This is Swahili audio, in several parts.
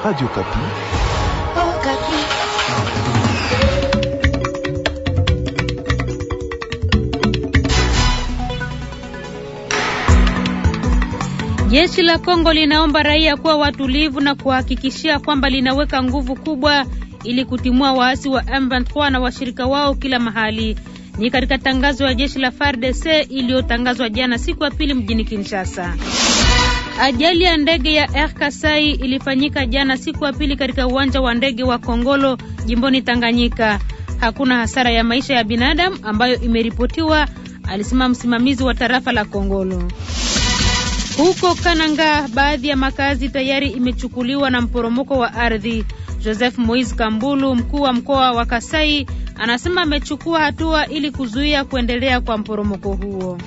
Radio Kapi. Oh, Kapi. Jeshi la Kongo linaomba raia kuwa watulivu na kuhakikishia kwamba linaweka nguvu kubwa ili kutimua waasi wa M23 na washirika wao kila mahali. Ni katika tangazo ya jeshi la FARDC iliyotangazwa jana siku ya pili mjini Kinshasa. Ajali ya ndege ya Air Kasai ilifanyika jana siku ya pili katika uwanja wa ndege wa Kongolo jimboni Tanganyika. Hakuna hasara ya maisha ya binadamu ambayo imeripotiwa, alisema msimamizi wa tarafa la Kongolo. Huko Kananga, baadhi ya makazi tayari imechukuliwa na mporomoko wa ardhi. Joseph Moise Kambulu, mkuu wa mkoa wa Kasai, anasema amechukua hatua ili kuzuia kuendelea kwa mporomoko huo.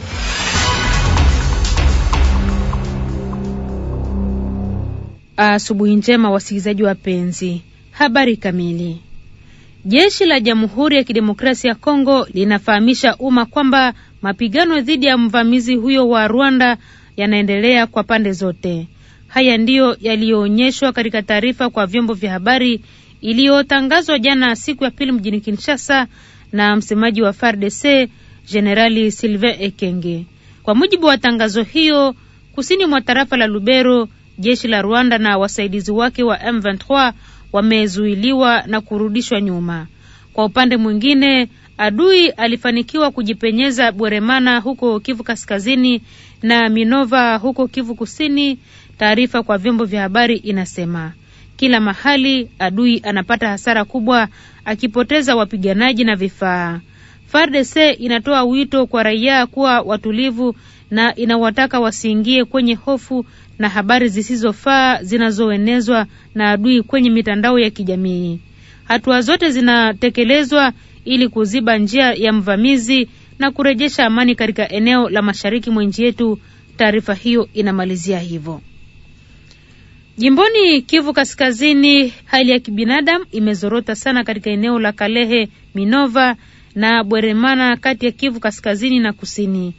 Asubuhi njema wasikilizaji wapenzi, habari kamili. Jeshi la Jamhuri ya Kidemokrasia ya Kongo linafahamisha umma kwamba mapigano dhidi ya mvamizi huyo wa Rwanda yanaendelea kwa pande zote. Haya ndiyo yaliyoonyeshwa katika taarifa kwa vyombo vya habari iliyotangazwa jana siku ya pili mjini Kinshasa na msemaji wa FARDC Jenerali Sylvain Ekenge. Kwa mujibu wa tangazo hiyo, kusini mwa tarafa la Lubero jeshi la Rwanda na wasaidizi wake wa M23 wamezuiliwa na kurudishwa nyuma. Kwa upande mwingine, adui alifanikiwa kujipenyeza Bweremana huko Kivu Kaskazini na Minova huko Kivu Kusini. Taarifa kwa vyombo vya habari inasema kila mahali adui anapata hasara kubwa, akipoteza wapiganaji na vifaa. FARDC inatoa wito kwa raia kuwa watulivu na inawataka wasiingie kwenye hofu na habari zisizofaa zinazoenezwa na adui kwenye mitandao ya kijamii. Hatua zote zinatekelezwa ili kuziba njia ya mvamizi na kurejesha amani katika eneo la mashariki mwa nchi yetu. Taarifa hiyo inamalizia hivyo. Jimboni Kivu Kaskazini, hali ya kibinadamu imezorota sana katika eneo la Kalehe, Minova na Bweremana kati ya Kivu Kaskazini na Kusini.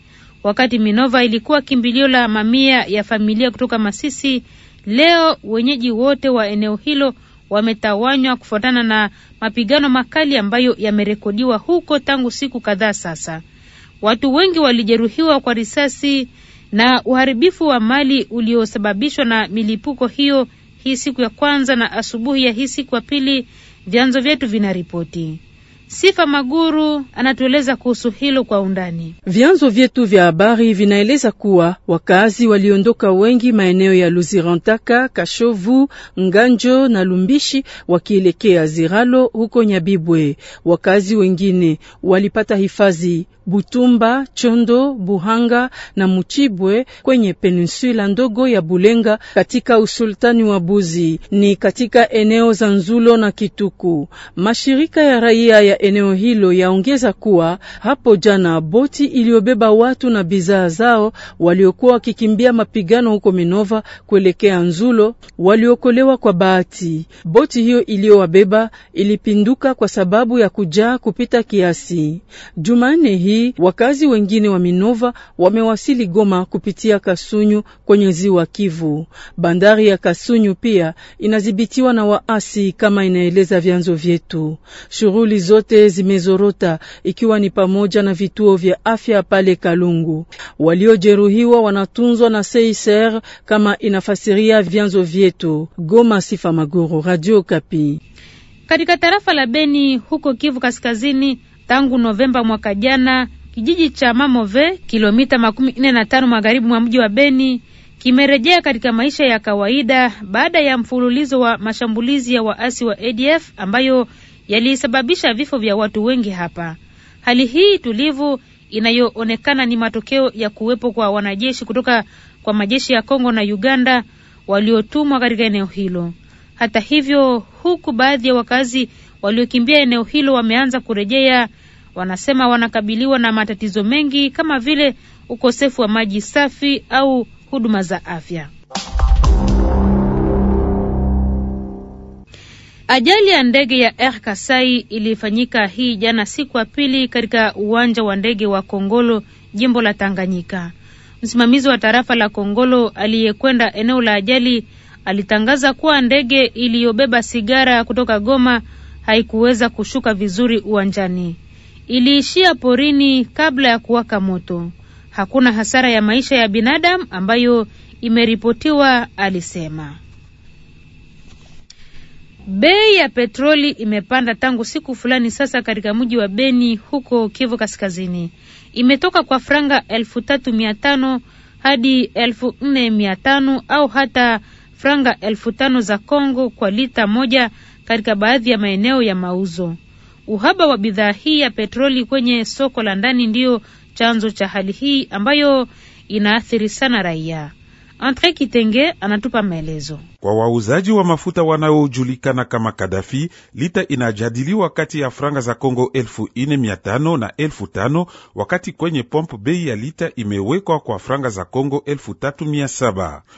Wakati Minova ilikuwa kimbilio la mamia ya familia kutoka Masisi, leo wenyeji wote wa eneo hilo wametawanywa kufuatana na mapigano makali ambayo yamerekodiwa huko tangu siku kadhaa sasa. Watu wengi walijeruhiwa kwa risasi na uharibifu wa mali uliosababishwa na milipuko hiyo hii siku ya kwanza na asubuhi ya hii siku ya pili, vyanzo vyetu vinaripoti. Sifa Maguru anatueleza kuhusu hilo kwa undani. Vyanzo vyetu vya habari vinaeleza kuwa wakazi waliondoka wengi maeneo ya Luzirantaka, Kashovu, Nganjo na Lumbishi wakielekea Ziralo huko Nyabibwe. Wakazi wengine walipata hifadhi Butumba, Chondo, Buhanga na Muchibwe kwenye peninsula ndogo ya Bulenga katika usultani wa Buzi, ni katika eneo za Nzulo na Kituku. Mashirika ya raia ya ya eneo hilo yaongeza kuwa hapo jana boti iliyobeba watu na bidhaa zao waliokuwa wakikimbia mapigano huko Minova kuelekea Nzulo waliokolewa kwa bahati. Boti hiyo iliyowabeba ilipinduka kwa sababu ya kujaa kupita kiasi. Jumanne hii wakazi wengine wa Minova wamewasili Goma kupitia Kasunyu kwenye ziwa Kivu. Bandari ya Kasunyu pia inadhibitiwa na waasi kama inaeleza vyanzo vyetu. Shughuli zote zote zimezorota ikiwa ni pamoja na vituo vya afya pale Kalungu. Waliojeruhiwa wanatunzwa na CICR kama inafasiria vyanzo vyetu. Goma, Sifa Maguru, Radio Kapi. Katika tarafa la Beni huko Kivu Kaskazini, tangu Novemba mwaka jana, kijiji cha Mamove, kilomita makumi nne na tano magharibi mwa mji wa Beni, kimerejea katika maisha ya kawaida baada ya mfululizo wa mashambulizi ya waasi wa ADF ambayo yalisababisha vifo vya watu wengi hapa. Hali hii tulivu inayoonekana ni matokeo ya kuwepo kwa wanajeshi kutoka kwa majeshi ya Kongo na Uganda waliotumwa katika eneo hilo. Hata hivyo, huku baadhi ya wakazi waliokimbia eneo hilo wameanza kurejea, wanasema wanakabiliwa na matatizo mengi kama vile ukosefu wa maji safi au huduma za afya. Ajali ya ndege ya Air Kasai ilifanyika hii jana siku ya pili katika uwanja wa ndege wa Kongolo, jimbo la Tanganyika. Msimamizi wa tarafa la Kongolo aliyekwenda eneo la ajali alitangaza kuwa ndege iliyobeba sigara kutoka Goma haikuweza kushuka vizuri uwanjani, iliishia porini kabla ya kuwaka moto. Hakuna hasara ya maisha ya binadamu ambayo imeripotiwa, alisema. Bei ya petroli imepanda tangu siku fulani sasa katika mji wa Beni huko Kivu Kaskazini. Imetoka kwa franga elfu tatu mia tano hadi elfu nne mia tano au hata franga elfu tano za congo kwa lita moja katika baadhi ya maeneo ya mauzo. Uhaba wa bidhaa hii ya petroli kwenye soko la ndani ndiyo chanzo cha hali hii ambayo inaathiri sana raia. Andre Kitenge anatupa maelezo kwa wauzaji wa mafuta wanaojulikana kama Kadafi. Lita inajadiliwa kati ya franga za Kongo elfu na elfu wakati kwenye pomp bei ya lita imewekwa kwa franga za Kongo elfu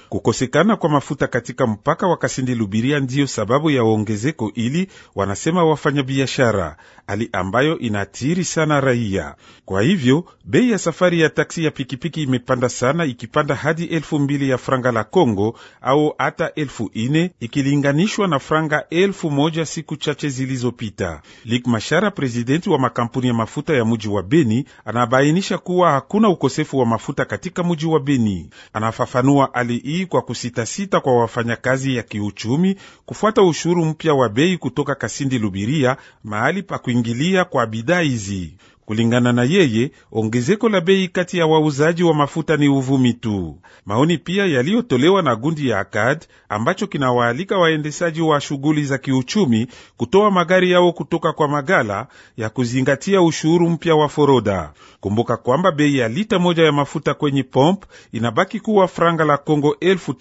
Kukosekana kwa mafuta katika mpaka wa Kasindi Lubiria ndiyo sababu ya ongezeko ili wanasema wafanyabiashara, hali ambayo inatiri sana raia. Kwa hivyo bei ya safari ya taksi ya pikipiki imepanda sana, ikipanda hadi 2 ya franga la Kongo au hata elfu elfu ine ikilinganishwa na franga elfu moja siku chache zilizopita. Lik Mashara, prezidenti wa makampuni ya mafuta ya muji wa Beni, anabainisha kuwa hakuna ukosefu wa mafuta katika muji wa Beni. Anafafanua hali hii kwa kusitasita kwa wafanyakazi ya kiuchumi kufuata ushuru mpya wa bei kutoka Kasindi Lubiria, mahali pa kuingilia kwa bidhaa hizi. Kulingana na yeye, ongezeko la bei kati ya wauzaji wa mafuta ni uvumi tu. Maoni pia yaliyotolewa na gundi ya Akad ambacho kinawaalika waendeshaji wa shughuli za kiuchumi kutoa magari yao kutoka kwa magala ya kuzingatia ushuru mpya wa foroda. Kumbuka kwamba bei ya lita moja ya mafuta kwenye pomp inabaki kuwa franga la Kongo elfu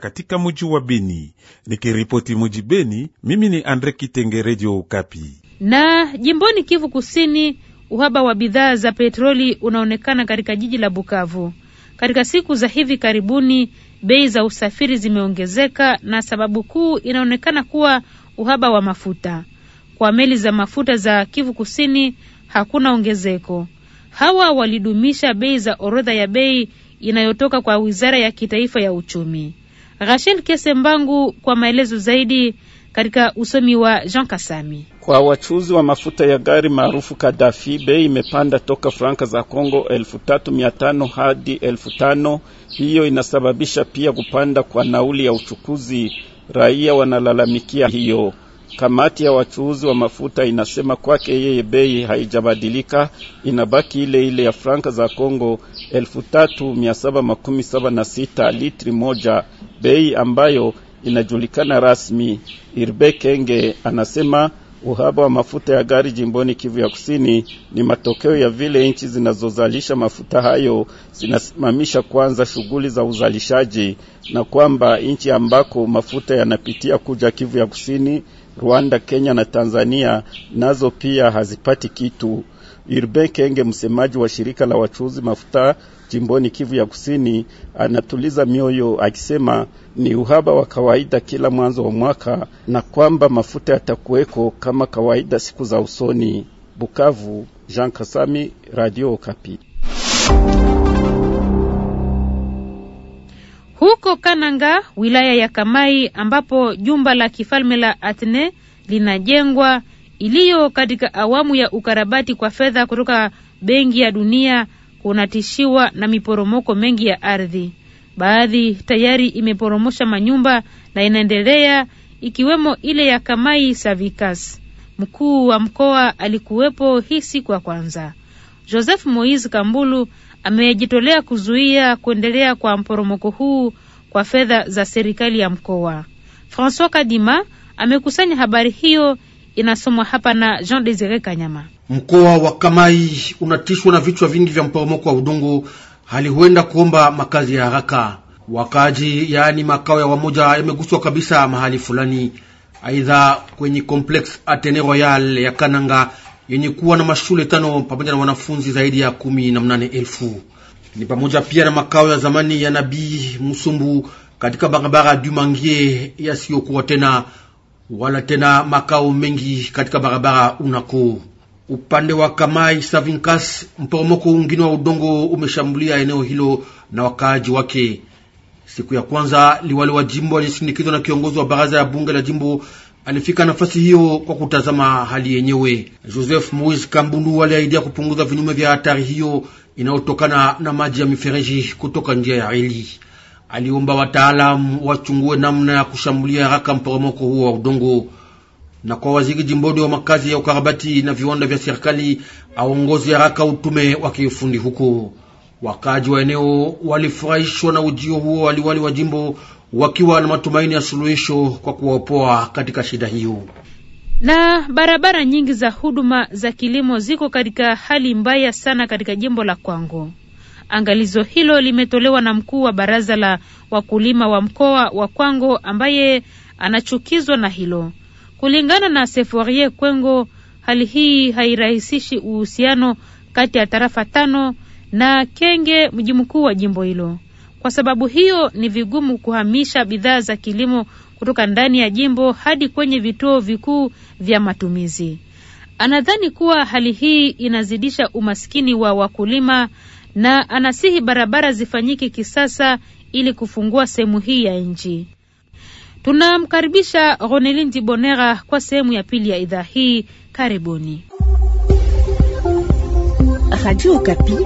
katika muji wa Beni. Nikiripoti muji Beni, mimi ni Andre Kitenge, Redio Ukapi. Na jimboni Kivu Kusini uhaba wa bidhaa za petroli unaonekana katika jiji la Bukavu. Katika siku za hivi karibuni, bei za usafiri zimeongezeka na sababu kuu inaonekana kuwa uhaba wa mafuta. Kwa meli za mafuta za Kivu Kusini hakuna ongezeko. Hawa walidumisha bei za orodha ya bei inayotoka kwa Wizara ya Kitaifa ya Uchumi. Rachel Kesembangu kwa maelezo zaidi katika usomi wa Jean Kasami. Kwa wachuuzi wa mafuta ya gari maarufu Kadafi, bei imepanda toka franka za Kongo elfu hadi elfu Hiyo inasababisha pia kupanda kwa nauli ya uchukuzi. Raia wanalalamikia hiyo. Kamati ya wachuuzi wa mafuta inasema kwake yeye bei haijabadilika, inabaki ile ile ya franka za Kongo 3776 litri moja, bei ambayo inajulikana rasmi. Irbe Kenge anasema Uhaba wa mafuta ya gari jimboni Kivu ya Kusini ni matokeo ya vile nchi zinazozalisha mafuta hayo zinasimamisha kwanza shughuli za uzalishaji, na kwamba nchi ambako mafuta yanapitia kuja Kivu ya Kusini, Rwanda, Kenya na Tanzania nazo pia hazipati kitu. Irbe Kenge, msemaji wa shirika la wachuuzi mafuta jimboni Kivu ya Kusini, anatuliza mioyo akisema ni uhaba wa kawaida kila mwanzo wa mwaka na kwamba mafuta yatakuweko kama kawaida siku za usoni. Bukavu, Jean Kasami, Radio Okapi. Huko Kananga, wilaya ya Kamai, ambapo jumba la kifalme la Atene linajengwa iliyo katika awamu ya ukarabati kwa fedha kutoka Benki ya Dunia kunatishiwa na miporomoko mengi ya ardhi. Baadhi tayari imeporomosha manyumba na inaendelea, ikiwemo ile ya Kamai Savikas. Mkuu wa mkoa alikuwepo hii siku ya kwanza. Joseph Moise Kambulu amejitolea kuzuia kuendelea kwa mporomoko huu kwa fedha za serikali ya mkoa. Francois Kadima amekusanya habari hiyo inasomwa hapa na Jean Desire Kanyama. Mkoa wa Kamai unatishwa na vichwa vingi vya mporomoko wa udongo, hali huenda kuomba makazi ya haraka. Wakaaji yaani makao ya wamoja yameguswa kabisa mahali fulani, aidha kwenye complex Atene Royal ya Kananga yenye kuwa na mashule tano pamoja na wanafunzi zaidi ya kumi na mnane elfu ni pamoja pia na makao ya zamani ya Nabii Musumbu katika barabara Dumangie yasiyokuwa tena wala tena makao mengi katika barabara unako upande wa Kamai Savinkas. Mporomoko ungine wa udongo umeshambulia eneo hilo na wakaaji wake. Siku ya kwanza liwali wa jimbo alisindikizwa na kiongozi wa baraza ya bunge la jimbo alifika nafasi hiyo kwa kutazama hali yenyewe. Joseph Moise Kambundu aliahidia kupunguza vinyume vya hatari hiyo inayotokana na maji ya mifereji kutoka njia ya reli aliomba wataalamu wachungue namna ya kushambulia haraka mporomoko huo wa udongo, na kwa waziri jimboni wa makazi ya ukarabati na viwanda vya serikali aongozi haraka utume wa kiufundi huko. Wakaji wa eneo walifurahishwa na ujio huo waliwali wa jimbo wakiwa na matumaini ya suluhisho kwa kuwaopoa katika shida hiyo. Na barabara nyingi za huduma za kilimo ziko katika hali mbaya sana katika jimbo la Kwango. Angalizo hilo limetolewa na mkuu wa baraza la wakulima wa mkoa wa Kwango ambaye anachukizwa na hilo. Kulingana na Seforie Kwengo, hali hii hairahisishi uhusiano kati ya tarafa tano na Kenge, mji mkuu wa jimbo hilo. Kwa sababu hiyo, ni vigumu kuhamisha bidhaa za kilimo kutoka ndani ya jimbo hadi kwenye vituo vikuu vya matumizi. Anadhani kuwa hali hii inazidisha umaskini wa wakulima na anasihi barabara zifanyike kisasa ili kufungua sehemu hii ya nchi. Tunamkaribisha Ronelin Dibonera kwa sehemu ya pili ya idhaa hii. Karibuni Radio Kapi.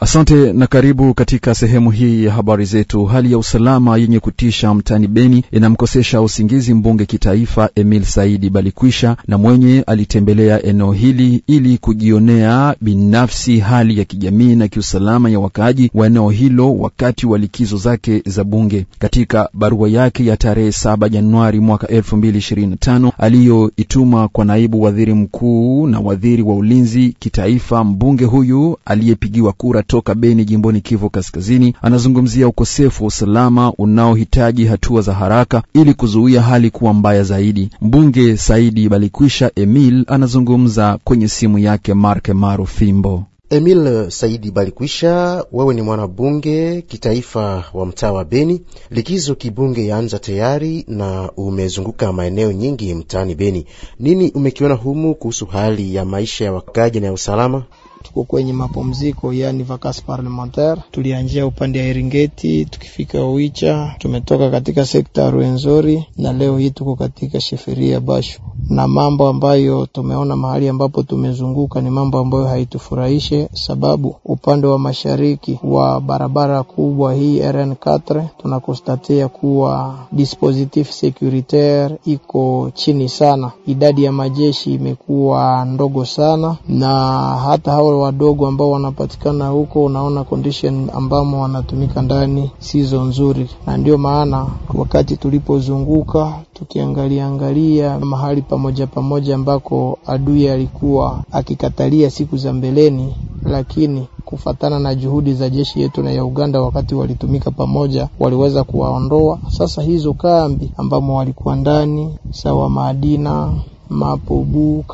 Asante na karibu katika sehemu hii ya habari zetu. Hali ya usalama yenye kutisha mtaani Beni inamkosesha usingizi mbunge kitaifa Emil Saidi Balikwisha, na mwenye alitembelea eneo hili ili kujionea binafsi hali ya kijamii na kiusalama ya wakaaji wa eneo hilo wakati wa likizo zake za bunge. Katika barua yake ya tarehe 7 Januari mwaka 2025 aliyoituma kwa naibu waziri mkuu na waziri wa ulinzi kitaifa, mbunge huyu aliyepigiwa kura toka Beni jimboni Kivu Kaskazini anazungumzia ukosefu wa usalama unaohitaji hatua za haraka ili kuzuia hali kuwa mbaya zaidi. Mbunge Saidi Balikwisha Emil anazungumza kwenye simu yake Marke Maru Fimbo. Emil Saidi Balikwisha, wewe ni mwanabunge kitaifa wa mtaa wa Beni. Likizo kibunge yaanza tayari na umezunguka maeneo nyingi mtaani Beni. Nini umekiona humu kuhusu hali ya maisha ya wakaaji na ya usalama? tuko kwenye mapumziko, yani vacances parlementaire. Tulianjia upande ya Iringeti, tukifika Uicha, tumetoka katika sekta ya Ruenzori na leo hii tuko katika sheferia Bashu, na mambo ambayo tumeona mahali ambapo tumezunguka ni mambo ambayo haitufurahishe, sababu upande wa mashariki wa barabara kubwa hii RN4 tunakostatia kuwa dispositif securitaire iko chini sana, idadi ya majeshi imekuwa ndogo sana na hata hao wadogo ambao wanapatikana huko, unaona condition ambamo wanatumika ndani sizo nzuri, na ndio maana wakati tulipozunguka tukiangalia angalia mahali pamoja pamoja ambako adui alikuwa akikatalia siku za mbeleni, lakini kufatana na juhudi za jeshi yetu na ya Uganda wakati walitumika pamoja, waliweza kuwaondoa sasa hizo kambi ambamo walikuwa ndani, sawa Madina Mapubu,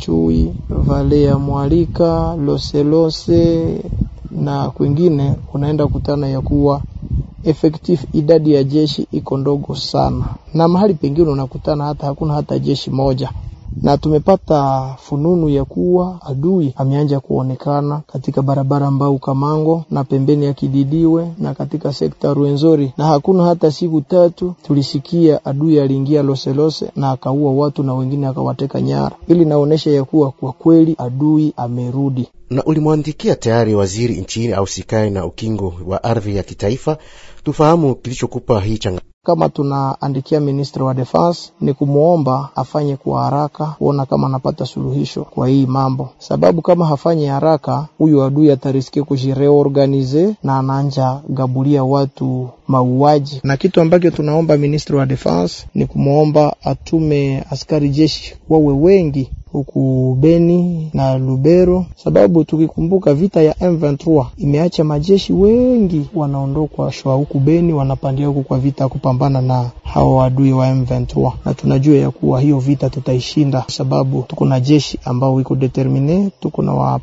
chui Vale ya Mwalika, Loselose na kwingine, unaenda kutana ya kuwa effective idadi ya jeshi iko ndogo sana, na mahali pengine unakutana hata hakuna hata jeshi moja na tumepata fununu ya kuwa adui ameanja kuonekana katika barabara Mbau Kamango na pembeni ya Kididiwe na katika sekta Ruenzori, na hakuna hata siku tatu tulisikia adui aliingia Loselose na akaua watu na wengine akawateka nyara. Ili naonesha ya kuwa kwa kweli adui amerudi. Na ulimwandikia tayari waziri nchini au sikai na ukingo wa ardhi ya kitaifa, tufahamu kilichokupa hii changamoto kama tunaandikia ministre wa defense ni kumwomba afanye kwa haraka kuona kama anapata suluhisho kwa hii mambo, sababu kama hafanyi haraka huyu adui atarisikia kujireorganize na ananja gabulia watu mauaji. Na kitu ambacho tunaomba ministri wa defense ni kumwomba atume askari jeshi wawe wengi huku Beni na Lubero, sababu tukikumbuka vita ya M23 imeacha majeshi wengi wanaondokwa shwa huku Beni, wanapandia huku kwa vita ya kupambana na hao adui wa M23, na tunajua ya kuwa hiyo vita tutaishinda, sababu tuko na jeshi ambao iko determine, tuko na wa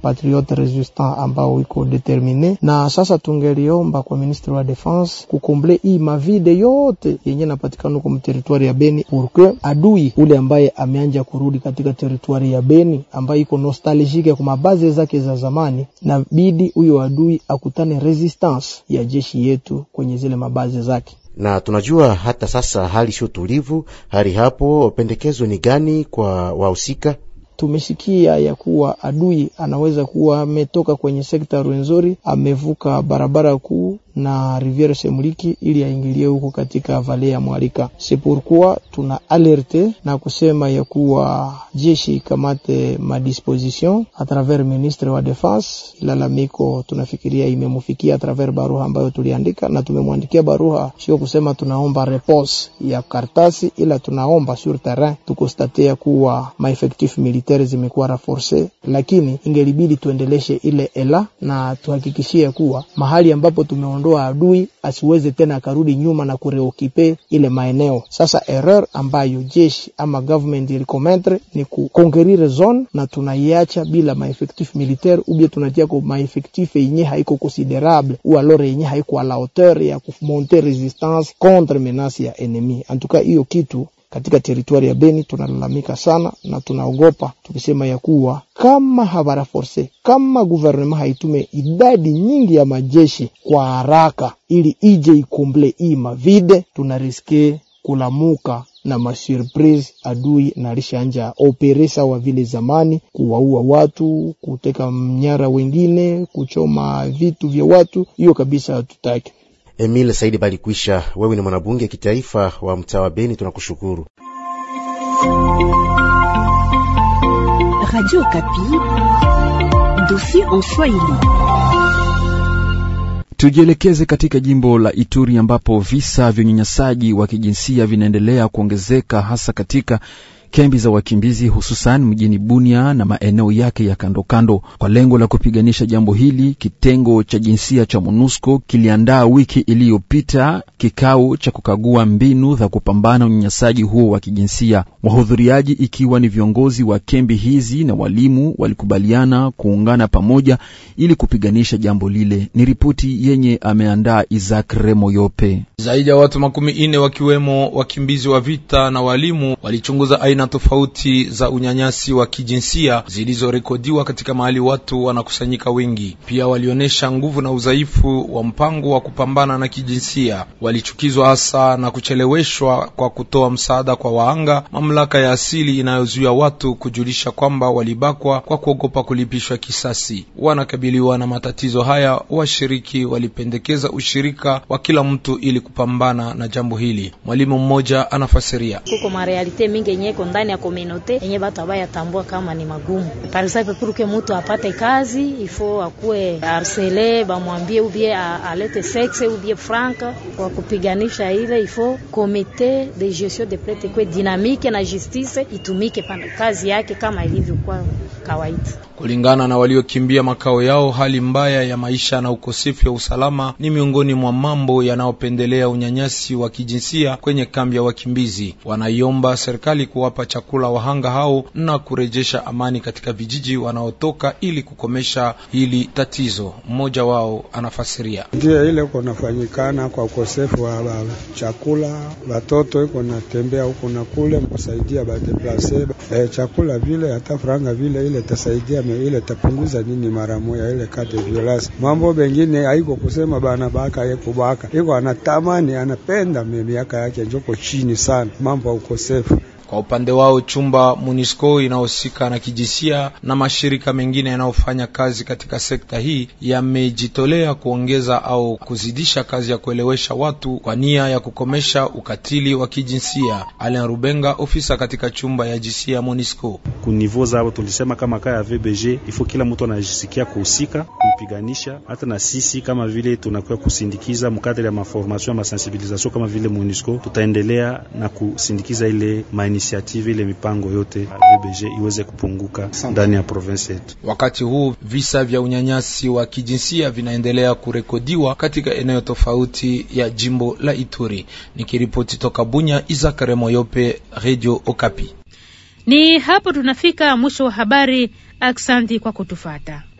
resistant ambao iko determine. Na sasa tungeliomba kwa ministre wa defense kukomble hii mavide yote yenye napatikana kwa mteritwari ya Beni, pourque adui ule ambaye ameanja kurudi katika teritwari safari ya Beni ambayo iko nostalgique kwa mabazi zake za zamani, na bidi huyo adui akutane resistance ya jeshi yetu kwenye zile mabazi zake na tunajua hata sasa hali sio tulivu. Hali hapo, pendekezo ni gani kwa wahusika? Tumesikia ya kuwa adui anaweza kuwa ametoka kwenye sekta Rwenzori, amevuka barabara kuu na Riviere Semuliki ili aingilie huko katika vale ya Mwarika. Sipurkua tuna alerte na kusema ya kuwa jeshi ikamate madisposition a travers ministre wa defense. Ilalamiko tunafikiria imemufikia a travers baruha ambayo tuliandika na tumemwandikia baruha, sio kusema tunaomba repose ya kartasi, ila tunaomba sur terrain tukostate ya kuwa maefektif militaire zimekuwa raforce, lakini ingelibidi tuendeleshe ile ela na tuhakikishie kuwa mahali ambapo tumeona kumwondoa adui asiweze tena akarudi nyuma na kureokipe ile maeneo. Sasa erreur ambayo jeshi ama government ilikometre ni kukongerire zone na tunaiacha bila maefektif militaire ubia tunatia ko maefektif yenye haiko considerable ou alors yenye haiko a la hauteur ya kumonte resistance contre menace ya enemi. Antuka hiyo kitu katika teritwari ya Beni tunalalamika sana na tunaogopa tukisema ya kuwa kama havaraforse kama guvernema haitume idadi nyingi ya majeshi kwa haraka, ili ije ikomble hii mavide, tunariske kulamuka na masurprise adui na alishanja operesa wa vile zamani, kuwaua watu, kuteka mnyara wengine, kuchoma vitu vya watu. Hiyo kabisa hatutaki. Emil Saidi Balikwisha, wewe ni mwanabunge kitaifa wa mtaa wa Beni, tunakushukuru. Radio Kapi, en Swahili. Tujielekeze katika jimbo la Ituri ambapo visa vya unyanyasaji wa kijinsia vinaendelea kuongezeka hasa katika kambi za wakimbizi hususan mjini Bunia na maeneo yake ya kandokando kando. Kwa lengo la kupiganisha jambo hili, kitengo cha jinsia cha MONUSCO kiliandaa wiki iliyopita kikao cha kukagua mbinu za kupambana unyanyasaji huo wa kijinsia. Wahudhuriaji ikiwa ni viongozi wa kambi hizi na walimu walikubaliana kuungana pamoja ili kupiganisha jambo lile. Ni ripoti yenye ameandaa Isaac Remoyope. Zaidi ya watu makumi nne wakiwemo wakimbizi wa vita na walimu walichunguza aina aina tofauti za unyanyasi wa kijinsia zilizorekodiwa katika mahali watu wanakusanyika wengi. Pia walionyesha nguvu na udhaifu wa mpango wa kupambana na kijinsia. Walichukizwa hasa na kucheleweshwa kwa kutoa msaada kwa wahanga, mamlaka ya asili inayozuia watu kujulisha kwamba walibakwa kwa kuogopa kulipishwa kisasi. Wanakabiliwa na matatizo haya, washiriki walipendekeza ushirika wa kila mtu ili kupambana na jambo hili. Mwalimu mmoja anafasiria kuko marealite mingi enyeko ndani ya kominote yenye batu abaya tambua kama ni magumu. Par exemple puruke mutu apate kazi ifo akuwe arsele bamwambie ubie alete sexe ubie franka kwa kupiganisha ile ifo komite de gestion de prete kwe dinamike na justice itumike pana kazi yake kama ilivyokuwa kawaida. Kulingana na waliokimbia makao yao, hali mbaya ya maisha na ukosefu wa usalama ni miongoni mwa mambo yanayopendelea unyanyasi wa kijinsia kwenye kambi ya wakimbizi. Wanaiomba serikali kuwapa kuwapa chakula wahanga hao na kurejesha amani katika vijiji wanaotoka ili kukomesha hili tatizo. Mmoja wao anafasiria: ndio ile iko nafanyikana kwa ukosefu wa chakula, watoto iko natembea huko na kule, kusaidia badeplase e, chakula vile hata franga vile ile tasaidia ile tapunguza nini mara moja ile kate violasi. Mambo mengine haiko kusema bana baka kubaka iko anatamani anapenda miaka yake njoko chini sana, mambo ya ukosefu kwa upande wao, chumba MONUSCO inahusika na kijisia na mashirika mengine yanayofanya kazi katika sekta hii yamejitolea kuongeza au kuzidisha kazi ya kuelewesha watu kwa nia ya kukomesha ukatili wa kijinsia. Alain Rubenga, ofisa katika chumba ya jinsia MONUSCO: kunivou zao tulisema kama kaya VBG ifo, kila mtu anajisikia kuhusika kupiganisha, hata na sisi kama vile tunakuwa kusindikiza mkadri ya maformasio ya masensibilizasio kama vile MONUSCO, tutaendelea na kusindikiza ile maini initiative ile mipango yote UBG iweze kupunguka ndani ya province yetu. Wakati huu visa vya unyanyasi wa kijinsia vinaendelea kurekodiwa katika eneo tofauti ya jimbo la Ituri. Nikiripoti toka Bunya, Izakare Moyope, Radio Okapi. Ni hapo tunafika mwisho wa habari. Aksanti kwa kutufata.